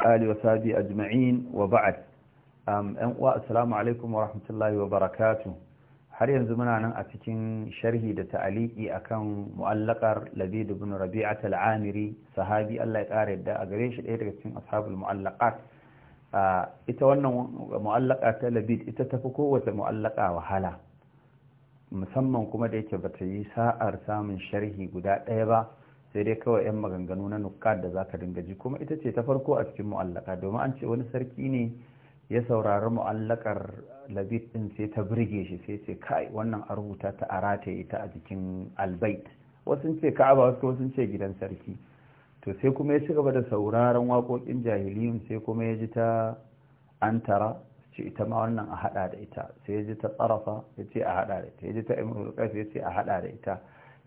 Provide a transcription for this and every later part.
ali wa sabi ajma'in wa ba'ad yan uwa assalamu alaikum wa rahmatullahi wa barakatuh har yanzu muna nan a cikin sharhi da ta'aliki akan mu'allaqar labid ibn rabi'at al-amiri sahabi Allah ya kare da a gare shi ɗaya daga cikin ashabul mu'allaqat ita wannan mu'allaqa ta labid ita tafi kowace mu'allaqa wahala musamman kuma da yake bata yi sa'ar samun sharhi guda ɗaya ba sai dai kawai 'yan maganganu na nukat da zaka ka dinga ji kuma ita ce ta farko a cikin mu'allaka domin an ce wani sarki ne ya saurari mu'allakar labit din sai ta birge shi sai ce kai wannan a rubuta ta a rataye ta a jikin albait wasu ce ka'aba wasu wasu ce gidan sarki to sai kuma ya ci gaba da sauraron waƙoƙin jahiliyun sai kuma ya ji ta antara ce ita ma wannan a haɗa da ita sai ya ji ta tsarafa ya ce a haɗa da ita ya ji ta imrul ya ce a haɗa da ita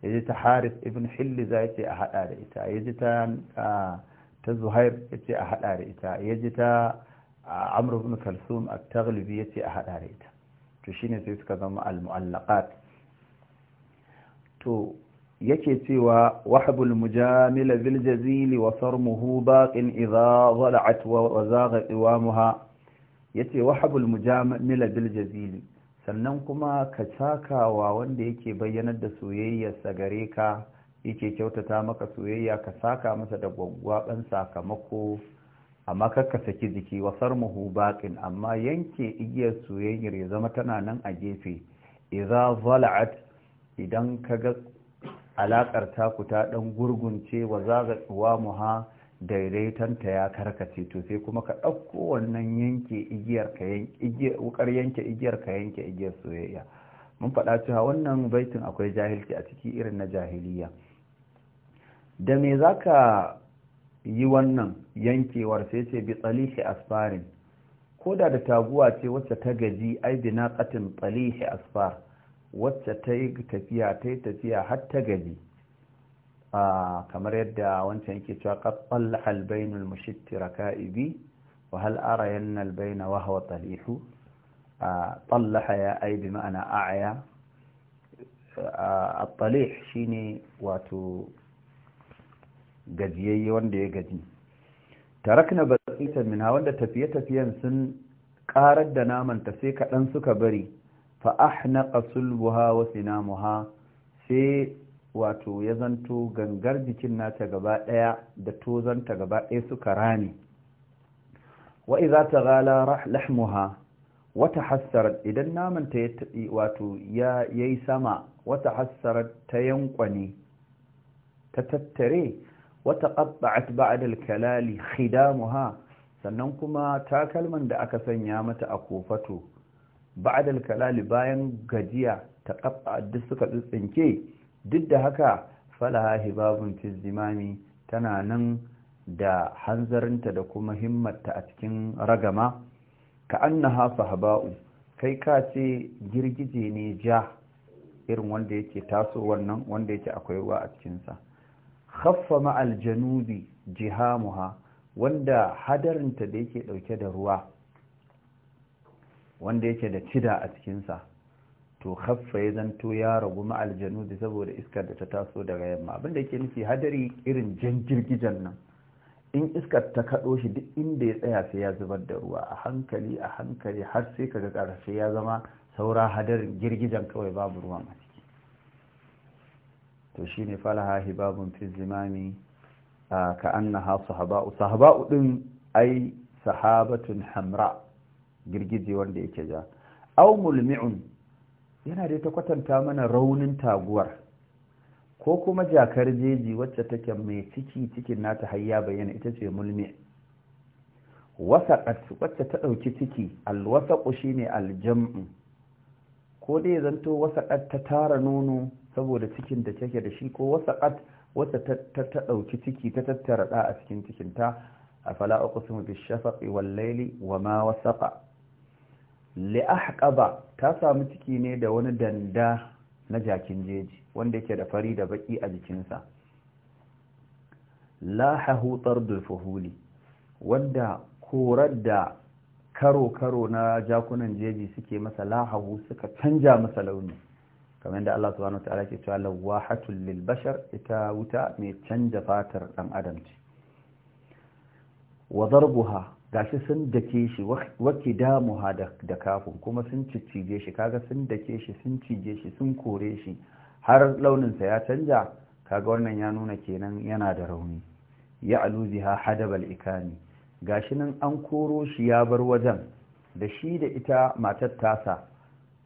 ya ji ta haris ibn hilliza ya ce a haɗa da ita ya ji ta zuhair ya ce a haɗa da ita ya ji ta amr ibn kalsum a taglibi ya ce a haɗa da ita to shine sai suka zama al-mu'allaqat to yake cewa wahbul mujamila bil jazili wa sarmuhu baqin idha zala'at wa zagha qiwamuha yace wahbul mujamila bil jazili sannan kuma ka sakawa wanda yake bayyanar da soyayyarsa gare ka yake kyautata maka soyayya ka saka masa da gwaggwaban sakamako amma ka saki jiki wasar muhu baƙin amma yanke igiyar soyayyar ya zama tana nan a gefe idza zala'at idan kaga alaƙar taku ta ɗan gurgunce wa zaga muha ta ya karkace to sai kuma ka ɗauko wannan yanke igiyar ka yanke wukar yanke igiyar ka yanke igiyar soyayya mun faɗa cewa wannan baitin akwai jahilci a ciki irin na jahiliya da me zaka yi wannan yankewar sai ce bi tsalihi asfarin ko da taguwa ce wacce ta gaji ai bi na tsalihi asfar wacce ta yi tafiya ta yi tafiya har ta gaji kamar yadda wancan yake cewa qatal albainul mushittira ka'ibi wa hal arayanna albaina wa huwa talihu talaha ya ai bi ma'ana a'ya at-talih shine wato gajiyayye wanda ya gaji tarakna basitan minha wanda tafiye tafiyen sun karar da naman ta sai kaɗan suka bari fa ahnaqa sulbuha wa sinamuha sai wato ya zanto gangar jikin nata gaba ɗaya da tozanta gaba ɗaya suka rane wa iza ta gala lahmuha wata hassarar idan namanta ya taɓi wato ya yi sama wata hassarar ta yankwane ta tattare wata ƙabba'at ba'adal kalali khidamuha sannan kuma takalman da aka sanya mata a kofato ba'adal kalali bayan gajiya ta ƙabba'at duk suka tsintsinke duk da haka falaha hibabun Tizimami tana nan da hanzarinta da kuma himmarta a cikin ragama ka annaha haba'u kai ka ce girgije ne ja irin wanda yake taso wannan wanda yake akwai ruwa a cikinsa haffa ma'al janubi jihamuha wanda hadarinta da yake dauke da ruwa wanda yake da cida a cikinsa to haffa ya zanto ya ragu ma'al janudi saboda iskar da ta taso daga yamma abinda yake nufi hadari irin jan girgijan nan in iskar ta kaɗo shi duk inda ya tsaya sai ya zubar da ruwa a hankali a hankali har sai kaga ƙarshe ya zama saura hadarin girgijan kawai babu ruwan a ciki to shine falaha hibabun fi zimami ka annaha sahaba'u sahaba'u din ai sahabatun hamra girgije wanda yake ja aw mulmi'un yana dai ta kwatanta mana raunin taguwar ko kuma jakar jeji wacce take mai ciki cikin nata hayya bayyana ita ce mulmi wasaƙat wacce ta ɗauki ciki alwasaƙu shi ne aljam'u ko dai zanto wasaƙat ta tara nono saboda cikin da take da shi ko wasaƙat wacce ta ɗauki ciki ta tattara ɗa a cikin cikinta a fala a kusurbi wallaili wa ma li'ahqaba ta samu ciki ne da wani danda na jakin jeji wanda yake da fari da baki a jikinsa lahahu tardul fuhuli wanda korar da karo-karo na jakunan jeji suke masa lahahu suka canja masa launi kamar yadda Allah subhanahu wataala ke cewa lawahatul lil bashar ita wuta mai canja fatar dan adam ce wa darbuha gashi sun dake shi waki damuha da kafin kuma sun cicije shi kaga sun dake shi sun cije shi sun kore shi har launinsa ya canja kaga wannan ya nuna kenan yana da rauni ya aluziha hadabal ikani gashi nan an koro shi ya bar wajen da shi da ita matar tasa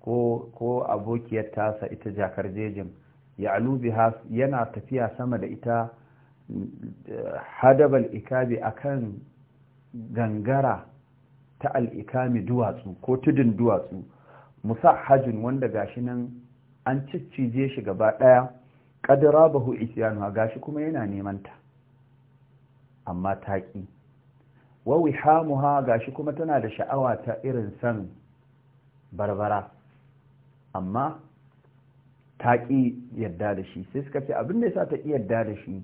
ko abokiyar tasa ita jakar jejin ya alubiha yana tafiya sama da ita eh, hadabal ikabi akan gangara ta al'ikami duwatsu ko tudun duwatsu musa hajjun wanda gashi nan an ciccije shi gaba ɗaya ƙadira bahu isyanuwa gashi kuma yana nemanta amma taƙi wawi hamuha gashi kuma tana da sha'awa ta irin san barbara amma taƙi yadda da shi sai suka ce abin da ya sa ta yadda da shi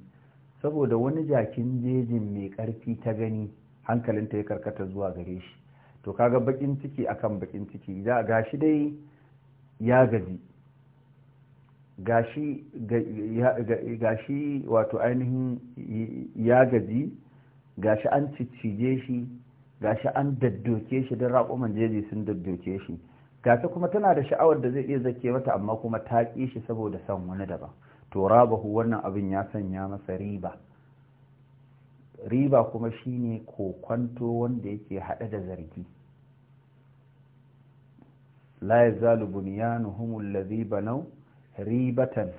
saboda wani jakin jejin mai ƙarfi ta gani hankalinta ya karkata zuwa gare shi to kaga bakin ciki akan bakin ciki a gashi dai ya gaji gashi wato ainihin ya gaji gashi an ciccije shi gashi an daddoke shi don raƙumin jeji sun daddoke shi Gashi kuma tana da sha'awar da zai iya zake mata amma kuma ta ƙi shi saboda son wani daban to rabahu wannan abin ya sanya masa riba riba kuma shine kokwanto wanda yake haɗe da zargi la yazalu bunyanuhum alladhi banaw ribatan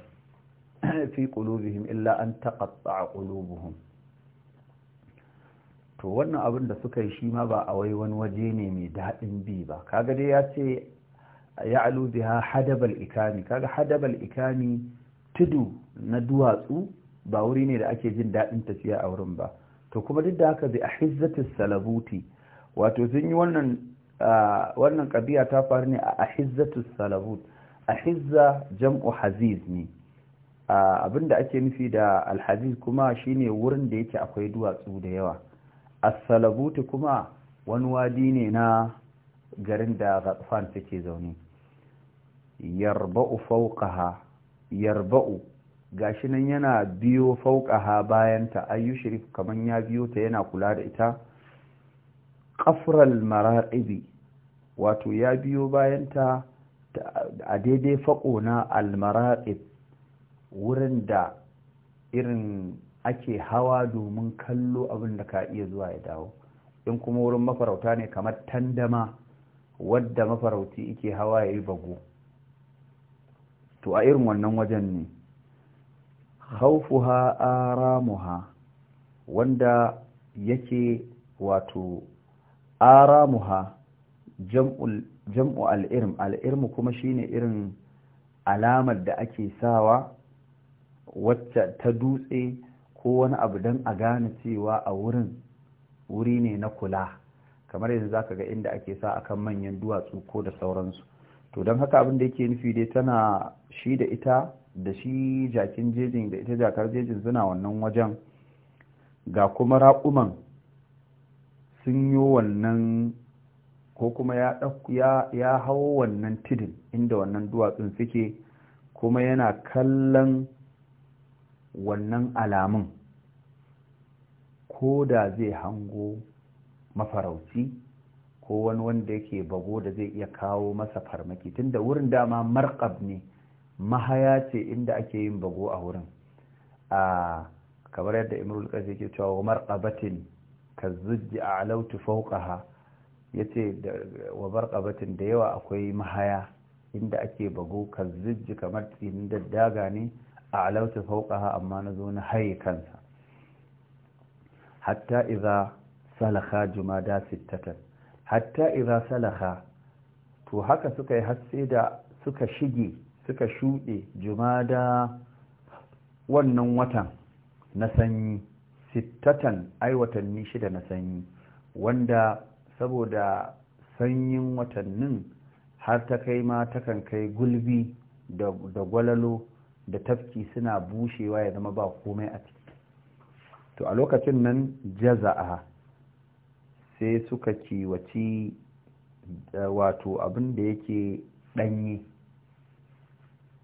fi qulubihim illa an taqatta'a qulubuhum to wannan abin da suka yi shi ma ba a wai wani waje ne mai daɗin bi ba kaga dai ya ce ya alu biha hadabal ikami kaga hadabal ikami tudu na duwatsu ba wuri ne da ake jin daɗin tafiya a wurin ba to kuma duk da haka bi hizzatis salabuti wato sun yi wannan wannan kabiya ta faru ne a hizzatis salabut A ahizza jam'u haziz ne abinda ake nufi da alhaziz kuma shine wurin da yake akwai duwatsu da yawa as-salabuti kuma wani wadi ne na garin da ghatfan take zaune yarba'u fawqaha yarba'u gashi nan yana biyo fauƙaha bayanta shirif kaman ya biyo ta yana kula da ita qafral maraibi wato ya biyo bayanta a daidai fako na al-mara'ib. wurin da irin ake hawa domin kallo abin da ka iya zuwa ya dawo in kuma wurin mafarauta ne kamar tandama wadda mafarauti ike hawa ya yi bago to a irin wannan wajen ne haufuha aramuha wanda yake wato aramuha jam'u al'irm al'irm kuma shine irin alamar da ake sawa wacce ta dutse ko wani abu dan a gane cewa a wurin wuri ne na kula kamar yanzu zaka ga inda ake sa akan manyan duwatsu ko da sauransu to don haka abin da yake nufi dai tana shi da ita da shi jakin jejin da ita jakar jejin suna wannan wajen ga kuma raƙuman sun yi wannan ko kuma ya hau wannan tidin inda wannan duwatsun suke kuma yana kallon wannan alamun ko da zai hango mafarauci ko wani wanda yake bago da zai iya kawo masa farmaki tun da wurin dama markab ne mahaya ce inda ake yin bago a wurin a kamar yadda imrul ƙasa yake cewa wa marqabatin a a'lautu ya ce wa marqabatin da yawa akwai mahaya inda ake bago ka kazujji kamar tsinin daga ne a a'lautu fawqaha amma nazo na haye kansa hatta salaka salaha jumada sittatan hatta iza salaka to haka suka yi har da suka shige suka shuɗe jumada wannan watan na sanyi sittatan ai watanni shida na sanyi wanda saboda sanyin watannin har ta kai ma takan kai gulbi da gwalalo da tafki suna bushewa ya zama ba komai a ciki to a lokacin nan jaza'a sai suka kiwaci eh, wato abin da yake ɗanye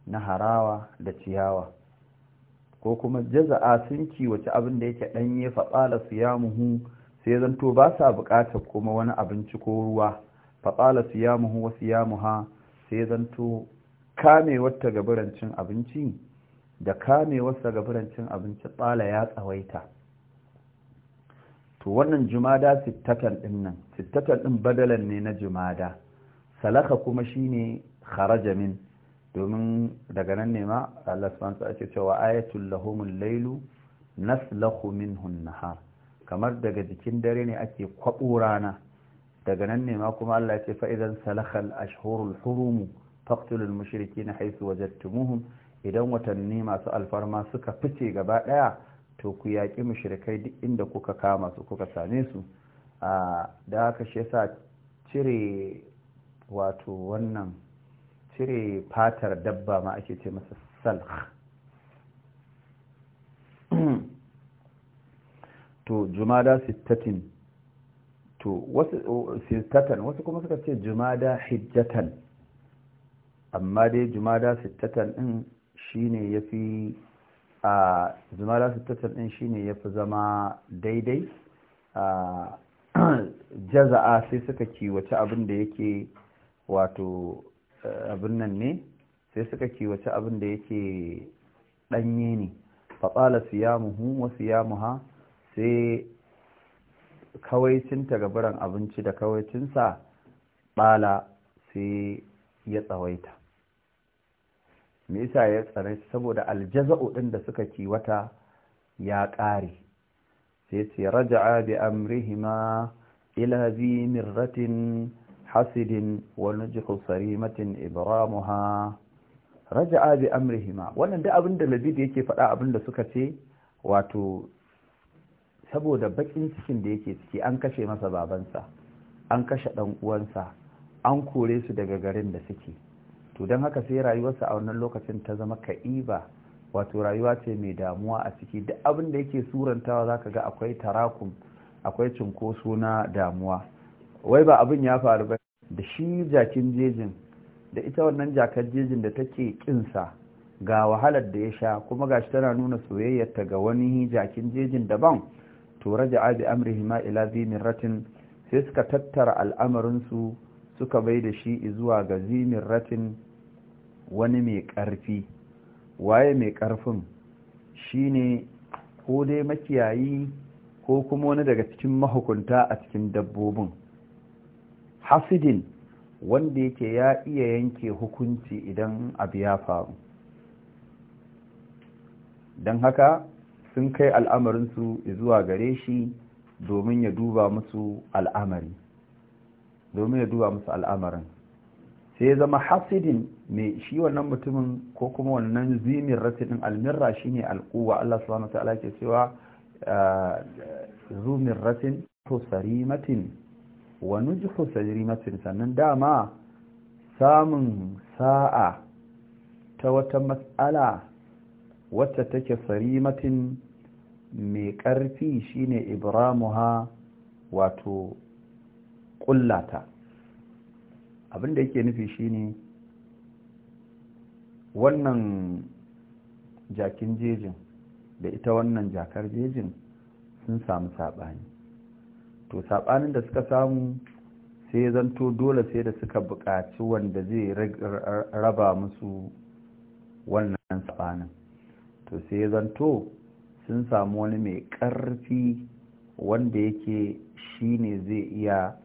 na harawa da ciyawa ko kuma jaza'a sun kiwace abin da yake ɗanye faɓala su ya muhu sai zanto ba sa buƙatar kuma wani abinci ko ruwa faɓala su ya muhu wasu ya muha sai zanto kame wata gabarancin abinci da kame ta gabarancin abinci ɓala ya tsawaita to wannan jumada sittatan ɗin nan sittatan ɗin badalan ne na jumada salaka kuma shine kharaja min domin daga nan ne ma Allah subhanahu wa ce, cewa ayatul lahumul lailu naslahu minhu nahar kamar daga jikin dare ne ake kwabo rana daga nan ne ma kuma Allah ya ce fa idan salakhal ashhurul hurum faqtulul mushrikeena haythu wajadtumuhum idan watanni masu alfarma suka fice gaba daya to ku yaki mushrikai duk inda kuka kama su kuka same su a ah, da haka shi yasa cire wato wannan cire fatar dabba ma ake ce masa salh to jumada sittatin to wasu sittatan wasu kuma suka ce jumada hijjatan amma dai jumada sittatan din shine yafi a jumada sittatan din shine yafi zama daidai a jaza'a sai suka wace abin da yake wato abin nan ne sai suka kiwace abin da yake ɗanye ne fatsala siyamuhu wa siyamuha sai kawaicinta gabaran abinci da kawaicinsa ɓala sai ya tsawaita me ya tsare saboda aljaza'u ɗin da suka kiwata ya ƙare sai ce raja'a bi amrihima ila zi mirratin حسد ونجح صريمة إبرامها رجع بأمرهما wannan da abin da yake faɗa abin suka ce wato saboda bakin cikin da yake ciki an kashe masa babansa an kashe dan uwansa an kore su daga garin da suke to don haka sai rayuwarsa a wannan lokacin ta zama ka'iba wato rayuwa ce mai damuwa a ciki duk abin da yake surantawa zaka ga akwai tarakum akwai cunkoso na damuwa wai ba abin ya faru ba da shi jakin jejin da ita wannan jakar jejin da take kinsa ga wahalar da ya sha kuma gashi tana nuna soyayyarta ga wani jakin jejin daban to raja'a bi ma ila zimirratin sai suka tattara al'amarin su suka bai da shi zuwa ga zimirratin wani mai ƙarfi waye mai ƙarfin shine ko dai makiyayi ko kuma wani daga cikin mahukunta a cikin dabbobin hasidin wanda yake ya iya yanke hukunci idan abu ya faru don haka sun kai al'amarinsu zuwa gare shi domin ya duba musu al'amari domin ya duba musu al'amarin sai ya zama hasidin mai shi wannan mutumin ko kuma wannan zimin rasidin almirra shi ne al'uwa Allah subhanahu wa ta'ala ke cewa ah, zumin rasin to sarimatin wa nujhu sajrimatin sannan dama samun sa'a ta wata matsala wacce take sarimatin mai ƙarfi shine ibramuha wato ƙullata abinda yake nufi shine wannan jakin jejin da ita wannan jakar jejin sun samu saɓani to saɓanin da suka samu sai zanto dole sai da suka buƙaci wanda zai raba musu wannan saɓanin to sai zanto sun samu wani mai ƙarfi wanda yake shi ne zai iya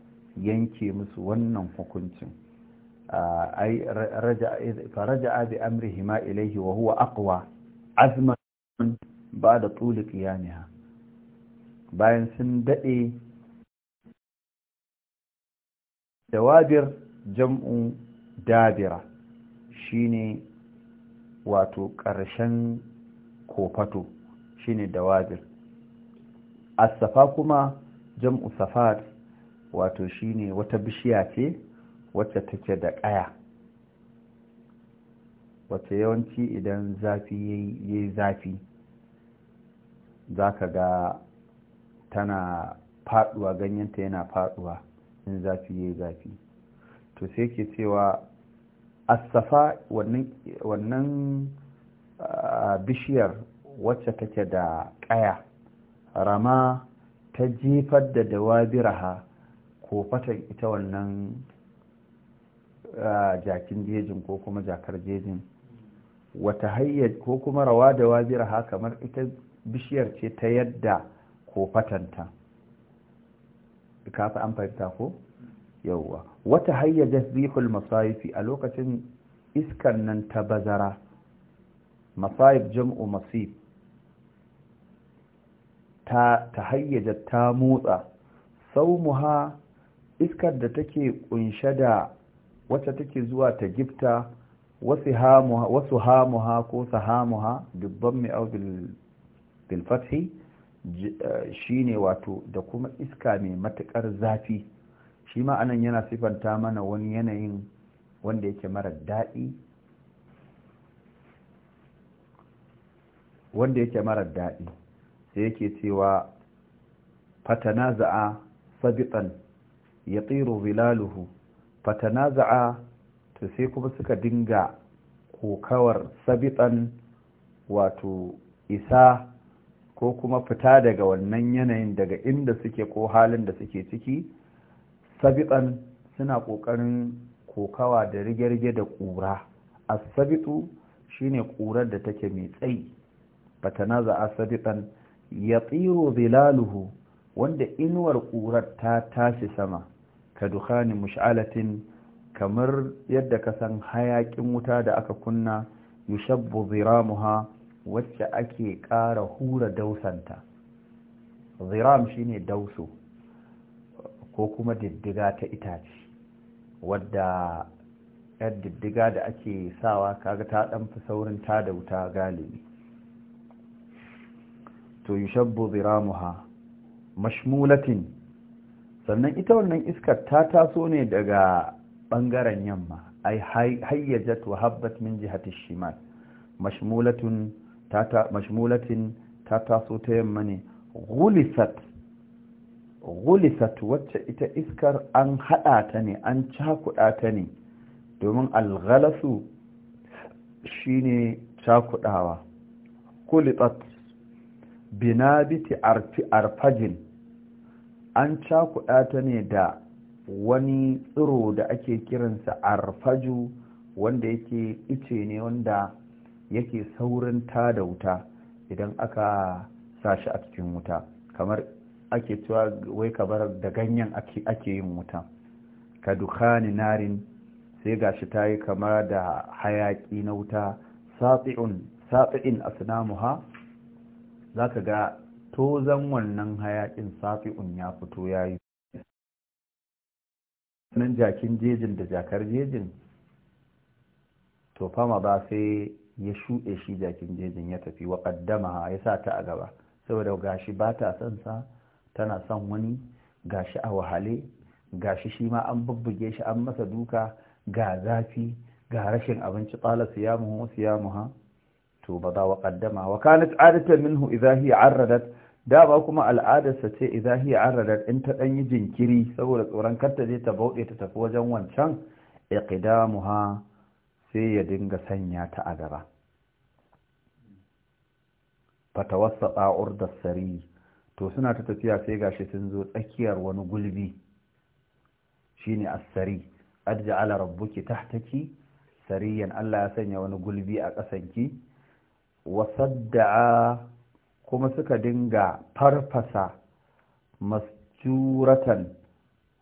yanke musu wannan hukuncin faraja bi hima ilaihi wa huwa aqwa azman ba da tsuli qiyamiha bayan sun daɗe dawabir jam'u dabira shine wato ƙarshen kofato shine dawabir as-safa kuma jam'u safat wato shine wata bishiya ce wacce take da ƙaya wacce yawanci idan zafi yayi zafi zaka ga tana faduwa ganyenta yana faduwa in zafi ya zafi to sai ke cewa asafa wannan ah, bishiyar wacce take da ƙaya rama ta jefar da dawabiraha ko fatan ita wannan ah, jakin jejin ko kuma jakar jejin wata hayyar ko kuma rawa dawabiraha kamar ita bishiyar ce ta yadda ko fatanta kafa an fahimta ko yawwa wata hayyaja zihul masayifi a lokacin iskan nan ta bazara masayif jam'u masif ta hayyaja ta motsa saumuha iskar da take kunshe da wacce take zuwa ta gifta wasu hamuha ko sahamuha dubban mai au bilfathi Eh, shi ne wato da kuma iska mai matuƙar zafi shi ma'anan yana sifanta mana wani yanayin wanda yake mara daɗi wanda yake mara daɗi sai yake cewa za'a sabitan ya tsiro zilaluhu za'a ta sai kuma suka dinga kokawar sabitan wato isa ko kuma fita daga wannan yanayin daga inda suke ko halin da suke ciki sabitan suna ƙoƙarin kokawa da rige-rige da ƙura a sabitu ne ƙurar da take mai tsayi fatanaza a sabitan ya tsiro zilaluhu wanda inuwar ƙurar ta tashi sama ka dukhani mush'alatin kamar yadda ka san hayakin wuta da aka kunna yushabbu ziramuha wacce ake ƙara hura dausanta ziram shine dauso ko kuma diddiga ta itace wadda yar diddiga da ake sawa kaga ta ɗan fi saurin ta da wuta galibi to yushabbu ziramuha mashmulatin sannan ita wannan iskar ta taso ne daga ɓangaren yamma ai hayyajat wa habbat min jihati shimal mashmulatun mashmulatin ta taso ta yamma ne gulisat gulisat wacce ita iskar an haɗa ta ne an cakuɗa ta ne domin alghalasu shine cakuɗawa kulitat binabiti arfajin an cakuɗa ta ne da wani tsiro da ake kiransa arfaju wanda yake ice ne wanda yake saurin ta da wuta idan aka sa shi a cikin wuta kamar ake cewa wai kamar da ganyen ake yin wuta ka dukani narin sai gashi ta yi kamar da hayaki na wuta safi'in ha za ka ga tozan wannan hayakin safi'un ya fito ya yi nan jakin jejin da jakar jejin to fama ba sai ya shuɗe shi jakin jejin ya tafi wa ƙaddama ya sa ta a gaba saboda gashi ba ta son sa tana son wani gashi a wahale gashi shi ma an bubbuge shi an masa duka ga zafi ga rashin abinci qala siyamuhu wa ha. to za wa qaddama wa kanat adatan minhu idha hiya arradat da ba kuma al'adarsa ce idha hiya arradat in ta ɗan yi jinkiri saboda tsoron kar ta je ta bauɗe ta tafi wajen wancan iqdamuha sai ya dinga sanya ta a gaba fatawasa ba'ur da sari to suna ta tafiya sai gashi sun zo tsakiyar wani gulbi shine asari sari aj'ala rabbuki tahtaki sariyan Allah ya sanya wani gulbi a ƙasanki wasadda'a kuma suka dinga farfasa masjuratan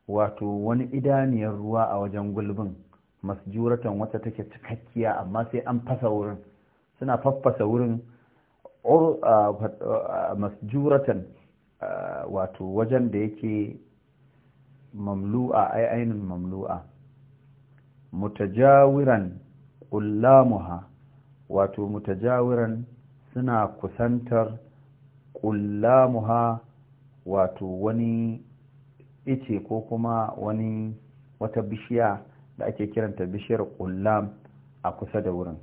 wato wani idaniyar ruwa a wajen gulbin masjuratan wata take cikakkiya amma sai an fasa wurin suna faffasa wurin masjuratan wato wajen da yake mamlu'a ai ainin mamlu'a mutajawiran Kullamuha wato mutajawiran suna kusantar kullamuha wato wani ice ko kuma wani wata bishiya da ake kiranta bishiyar ƙullam a kusa da wurin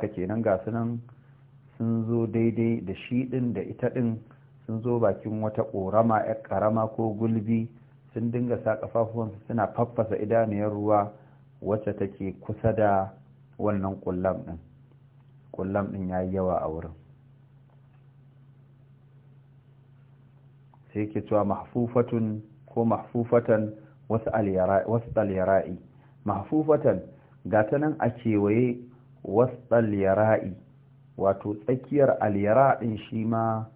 ke kenan ga sunan sun zo daidai da shi ɗin da ita ɗin sun zo bakin wata ƙorama 'yar ƙarama ko gulbi sun dinga sa ƙafafuwansu suna faffasa idaniyar ruwa wacce take kusa da wannan ƙullam ɗin ƙullam ɗin ya yi yawa a wurin sai ke cewa mahfufatun ko mahfufatan wasu al'yarai. mahfufatan ta nan a kewaye wasɗal yara'i wato tsakiyar alyara din shi ma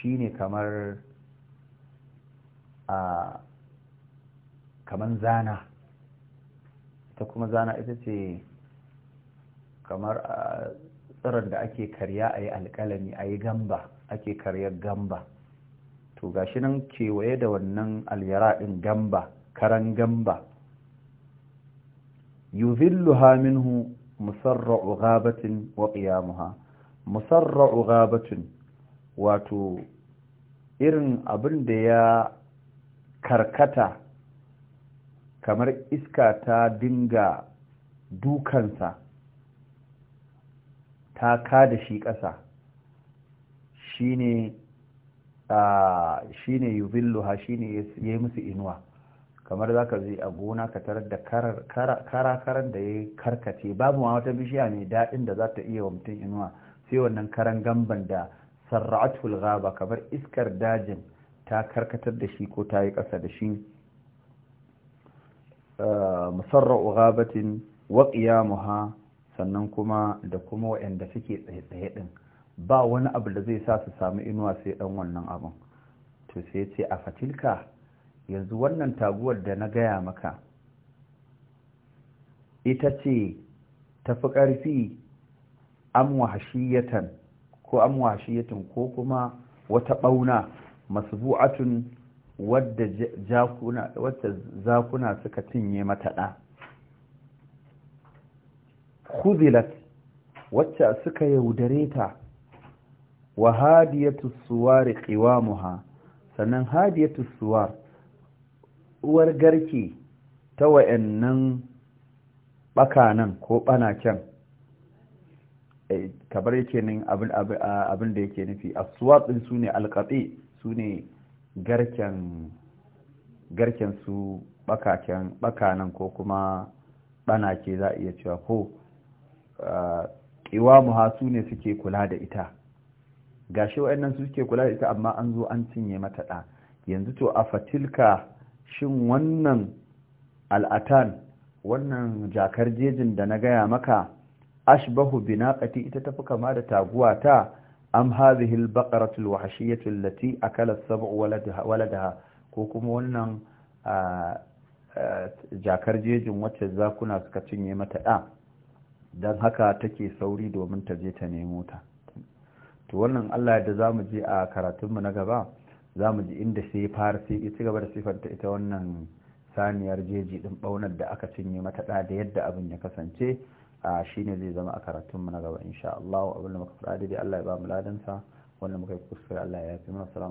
shi ne kamar kamar zana ta kuma zana ita ce kamar a tsirar da ake karya a yi alƙalami a yi gamba ake karyar gamba to gashi nan kewaye da wannan alyara ɗin gamba karan gamba yuzilluha minhu musarra'u ghabatin wa qiyamuha musarra'u ghabatin wato irin abin da ya karkata kamar iska ta dinga dukansa ta kada shi ƙasa shine ah, shine yuzilluha shine yayi musu inuwa kamar za ka zai a gona ka tarar da karakaran da ya karkace babu ma wata bishiya mai daɗin da za ta iya wa mutum inuwa sai wannan karan gamban da sarra'atul ghaba kamar iskar dajin ta karkatar da shi ko ta yi ƙasa da shi ah, musarra'u ghabatin wa qiyamuha sannan kuma da kuma waɗanda suke tsaye-tsaye ɗin ba wani abu da zai sa su samu inuwa sai dan wannan abun to sai ce a fatilka yanzu wannan taguwar da na gaya maka ita ce tafi ƙarfi amwahashiyatan ko ko kuma wata ɓauna masbu'atun wadda wadda zakuna suka cinye mata ɗa wacce suka yaudare ta wa hadiyatu suwari qiwamuha sannan hadiyatu suwar uwar garki ta wa'annan bakanan ko banaken eh, kamar yake nan abin da yake nufi aswatsin su ne alkatsi su ne garken su bakanan ko kuma banake za a iya cewa ko ƙiwa muha su ne suke kula da ita gashi wa'annan su suke kula da ita amma an zo an cinye mata ɗa yanzu to a fatilka shin wannan al'atan wannan jakar jejin da na gaya maka ashbahu binaqati ita tafi kama da taguwa ta am hadhihi al-baqaratu al a allati akala sabu waladaha ko kuma wannan jakar jejin wacce zakuna suka cinye mata da dan haka take sauri domin ta je ta nemo ta to wannan Allah da zamu je a karatunmu na gaba za mu ji inda sai fara sai ya ci gaba da siffanta ita wannan saniyar jeji ɗin ɓaunar da aka cinye mata da da yadda abin ya kasance a shi ne zai zama a karatun mu na gaba insha Allah abin da muka fara dai Allah ya ba mu ladansa wannan muka yi kuskure Allah ya yafi mu assalamu